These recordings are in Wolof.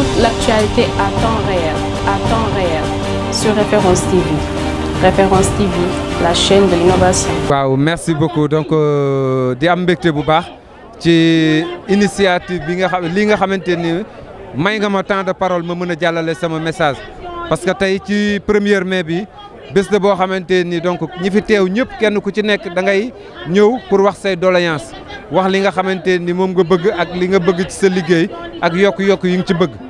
toute l'actualité à temps réel, à temps réel, sur Référence TV. Référence TV, la chaîne de l'innovation. waaw merci beaucoup donc euh, di am mbégte bu baax ci initiative bi nga xam li nga xamante ni may temps de parole ma mën a jàllale sama message parce que tey ci premier mai bi de bo boo xamante ni donc ñi fi teew ñëpp kenn ku ci nekk da ngay ñëw pour wax say doléance wax li nga xamante ni mom nga bëgg ak li nga bëgg ci sa liggéey ak yok yok yi nga ci bëgg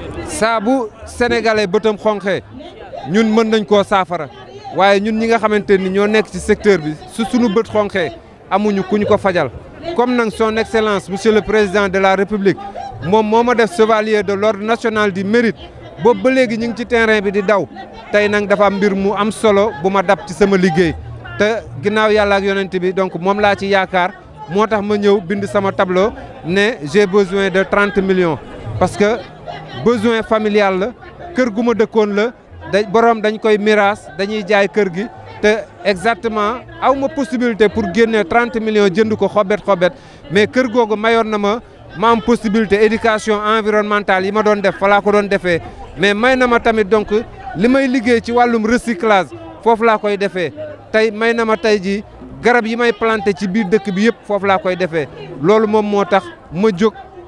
Nous, sénégalais ne ñun mën nañ ko waye ñun ñi nga xamanteni ño nek ci secteur bi su suñu nous amuñu kuñ ko fajal comme son excellence monsieur le président de la république mon moment def chevalier de l'ordre national du mérite boobu ba légui ñing ci terrain bi di daw tay dafa mbir mu am solo buma dab ci sama te ak yonent bi donc ci ma tableau j'ai besoin de 30 millions parce que besoin familial la kër gu ma dëkkoon la borom dañ koy mirage dañuy jaay kër gi te exactement aw possibilité pour gagner 30 millions jënd ko xobet xobet mais kër gogo mayoon na ma ma am possibilité éducation environnementale yima ma def fala ko doon defee mais may ma tamit donc limay may ci walum recyclage foofu la koy defee tay may na ma tey ji garab yi planté ci biir dëkk bi yëpp foofu la koy defee loolu mom motax ma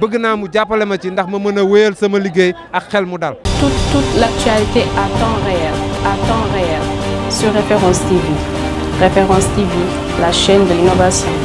bëgg naa mu jàppale ma ci ndax ma mën a wéyal sama liggéey ak xel mu dal. toute toute l'actualité à temps réel à temps réel sur Référence TV Référence TV la chaîne de l'innovation.